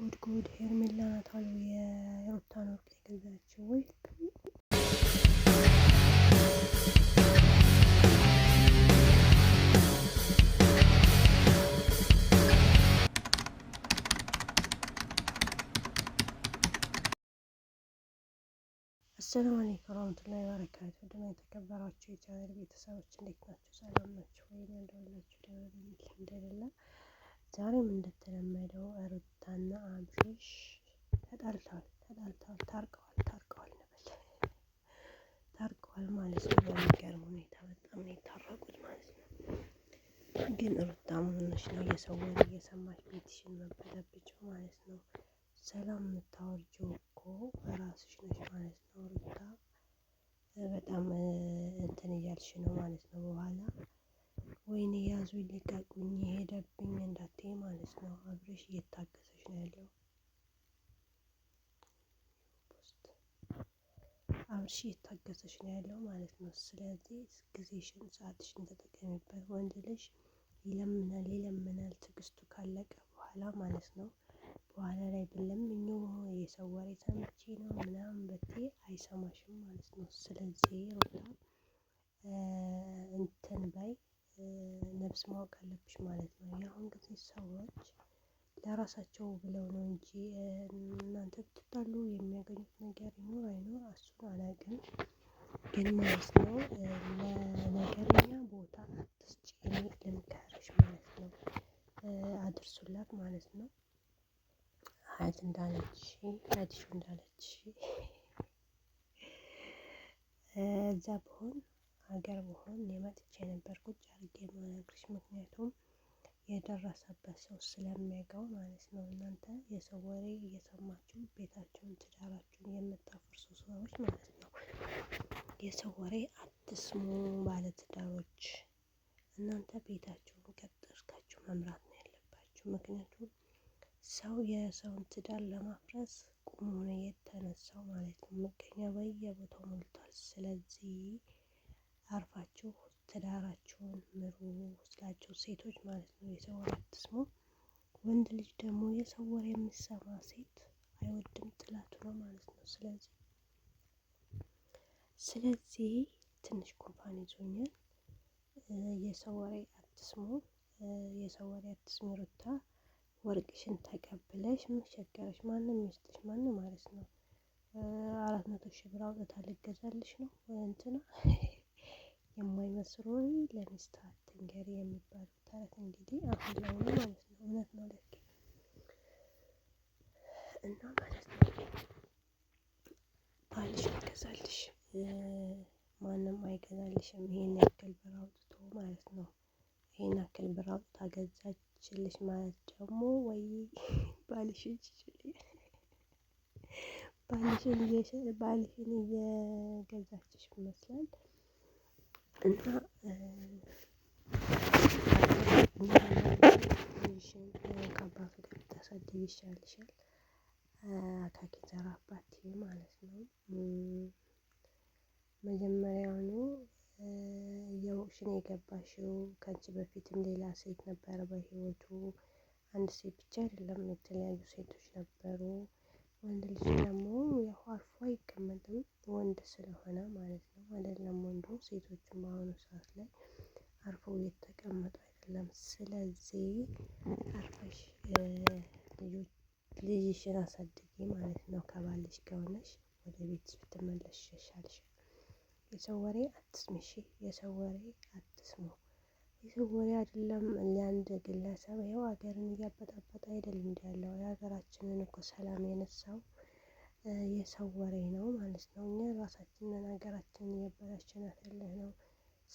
ጉድ ጉድ ሄርሜላ ናት አሉ የሩታን ወርቅ የገዛችው ወይ? አሰላሙ አለይኩም ወራህመቱላሂ ወበረካቱ። ደህና የተከበራችሁ የቻናል ቤተሰቦች እንዴት ናችሁ? ሰላም ናችሁ ወይ? እንደምን ናችሁ? ደህና ነኝ አልሐምዱሊላህ። ዛሬም እንደተለመደው ሩታ የሰው ወሬ እየሰማሽ ቤትሽን መበጠብጭው ማለት ነው። ሰላም የምታወርጂው እኮ በራስሽ ነሽ ማለት ነው። ሩታ በጣም እንትን እያልሽ ነው ማለት ነው። በኋላ ወይኔ ያዙ ይልቀቁኝ ሄደብኝ እንዳትይ ማለት ነው። አብረሽ እየታገሰች ነው ያለው አብርሽ እየታገሰች ነው ያለው ማለት ነው። ስለዚህ ጊዜሽን ሰዓትሽን ተጠቀሚበት ወንድ ልጅ ይለምናል ይለምናል ትዕግስቱ ካለቀ በኋላ ማለት ነው። በኋላ ላይ ብለምኜው የሰው ወሬ ሰምቼ ነው ምናምን ብትይ አይሰማሽም ማለት ነው። ስለዚህ ሩታ እንትን ባይ ነብስ ማወቅ አለብሽ ማለት ነው። የአሁን ጊዜ ሰዎች ለራሳቸው ብለው ነው እንጂ እናንተ ብትጣሉ የሚያገኙት ነገር ይኖር አይኖር እሱን አላውቅም። ግን ማለት ነው ለነገረኛ ቦታ አትስጪ ልምከርሽ ማለት ነው። አድርሱላት ማለት ነው። አያት እንዳለች አዲሱ እንዳለች እዛ ብሆን ሀገር ብሆን እኔ መጥቼ ቁጭ አድርጌ የምነግርሽ ምክንያቱም የደረሰበት ሰው ስለሚያውቀው ማለት ነው። እናንተ የሰው ወሬ እየሰማችሁ ቤታችሁን፣ ትዳራችሁን የምታፈርሱ ሰዎች ማለት ነው። የሰው ወሬ አትስሙ። ባለትዳሮች እናንተ ቤታችሁን ቀጥ አድርጋችሁ መምራት ነው ያለባችሁ። ምክንያቱም ሰው የሰውን ትዳር ለማፍረስ ቁሞ ነው የተነሳው ማለት ነው። ምቀኛ በየቦታው ሞልቷል። ስለዚህ አርፋችሁ ትዳራችሁን ምሩ ስላቸው ሴቶች ማለት ነው። የሰው ወሬ አትስሙ። ወንድ ልጅ ደግሞ የሰው ወሬ የሚሰማ ሴት አይወድም፣ ጥላቱ ነው ማለት ነው። ስለዚህ ስለዚህ ትንሽ ኩንፋን ይዞኛል። የሰው ወሬ አትስሙ፣ የሰው ወሬ አትስሚ። ሩታ ወርቅሽን ተቀብለሽ ምን ቸገረሽ? ማንም ይስጥሽ፣ ማንም ማለት ነው። አራት መቶ ሺህ ብር አውጥታ ልገዛልሽ ነው እንትና የማይመስሉን ለሚስት አትንገሪ የሚባለው ተረት እንግዲህ አሁን ላይ ነው ማለት ነው። እውነት ነው ልክ እና ማለት ነው ባልሽ ይገዛልሽ ማንም አይገዛልሽም። ይሄን ያክል ብር አውጥቶ ማለት ነው። ይሄን ያክል ብር አውጥታ ገዛችልሽ ማለት ደግሞ ወይ ባልሽ ባልሽን እየገዛችሽ ይመስላል። እና ከአባቱ ጋር ብታሳድግ ይሻልሻል። አባት ማለት ነው። መጀመሪያውኑ የገባሽው ከአንቺ በፊትም ሌላ ሴት ነበረ በህይወቱ። አንድ ሴት ብቻ አይደለም፣ የተለያዩ ሴቶች ነበሩ። ወንድ ልጅ ደግሞ ያው አርፎ አይቀመጥም ወንድ ስለሆነ ማለት ነው። አይደለም ወንዱ ሴቶችን በአሁኑ ሰዓት ላይ አርፈው እየተቀመጡ አይደለም። ስለዚህ አርፈሽ ልጅሽን አሳድጊ ማለት ነው። ከባልሽ ከሆነሽ ወደ ቤትሽ ብትመለሽ ይሻልሻል። የሰው ወሬ አትስሚ እሺ። የሰው ወሬ አትስሙ። የሰው ወሬ አይደለም ለአንድ ግለሰብ ይኸው ሀገርን እያበጣበጠ አይደል እንዳለው የሀገራችንን እኮ ሰላም የነሳው የሰው ወሬ ነው ማለት ነው። እኛ ራሳችንን ሀገራችንን እያበላሸናት ያለ ነው።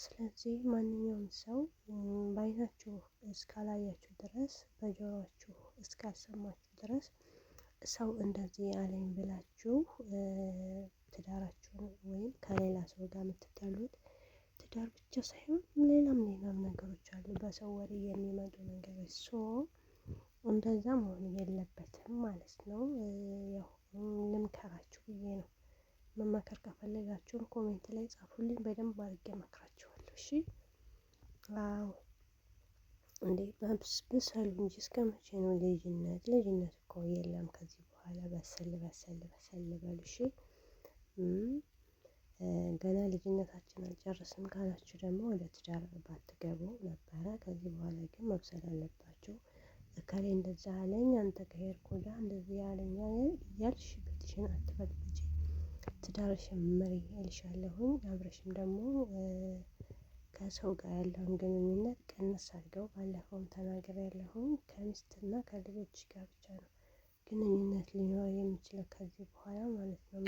ስለዚህ ማንኛውም ሰው በአይናችሁ እስካላያችሁ ድረስ በጆሯችሁ እስካልሰማችሁ ድረስ ሰው እንደዚህ አለኝ ብላችሁ ትዳራችሁን ወይም ከሌላ ሰው ጋር የምትጠሉት ትዳር ብቻ ሳይሆን ሌላም ሌላም ነገሮች አሉ፣ በሰው ወሬ የሚመጡ ነገሮች። ሶ እንደዛ መሆን የለበትም ማለት ነው። ያው ልምከራችሁ ብዬ ነው። መመከር ከፈለጋችሁን ኮሜንት ላይ ጻፉልኝ፣ በደንብ አድርጌ መክራችኋለሁ። እሺ አዎ፣ እንዴ ብሰሉ እንጂ እስከ መቼ ነው ልጅነት? ልጅነት እኮ የለም ከዚህ በኋላ በሰል በሰል በሰል በሉ እሺ። ገና ልጅነታችን አልጨርስም ካላችሁ ደግሞ ወደ ትዳር ባትገቡ ነበረ። ከዚህ በኋላ ግን መብሰል አለባችሁ። እከሌ እንደዛ አለኝ፣ አንተ ከሄድኩ ጋ እንደዚህ አለኝ እያልሽ ቤትሽን አትበጥብጪ። ትዳርሽን ምሪ እልሻለሁኝ። አብረሽም ደግሞ ከሰው ጋር ያለውን ግንኙነት ቀንስ አድርገው። ባለፈውም ተናግሬያለሁኝ። ከሚስትና ከልጆች ጋር ብቻ ነው ግንኙነት ሊኖር የሚችለው ከዚህ በኋላ ማለት ነው።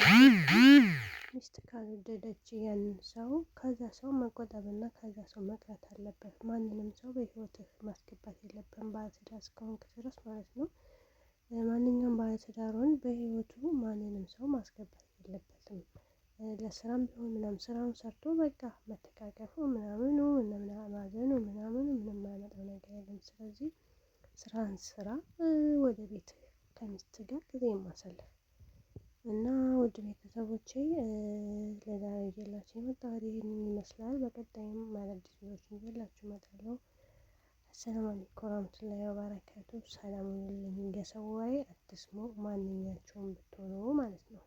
ሚስት ካልወደደች ያንን ሰው ከዛ ሰው መቆጠብና ከዛ ሰው መቅረት አለበት። ማንንም ሰው በህይወትህ ማስገባት የለብን ባለትዳር እስከሆንክ ድረስ ማለት ነው። ማንኛውም ባለትዳሩን በህይወቱ ማንንም ሰው ማስገባት የለበትም። ለስራም ቢሆን ምናምን ስራውን ሰርቶ በቃ መተቃቀፉ ምናምኑ ማዘኑ ምናምኑ ምንም አያመጣው ነገር የለም። ስለዚህ ስራን ስራ ወደ ቤት ከሚስት ጋር ጊዜ ማሳለፍ እና ውድ ቤተሰቦቼ ለዛሬ ይዤላችሁ የመጣሁት ይህንን ይመስላል። በቀጣይም አዳዲስ ቪዲዮዎችን ይዤላችሁ እመጣለሁ። አሰላሙ አለይኩም ወራህመቱላሂ ወበረካቱ። ሰላም ሁኑልኝ። ገሰዋይ አትስሙ ማንኛቸውም ብትሆኑ ማለት ነው።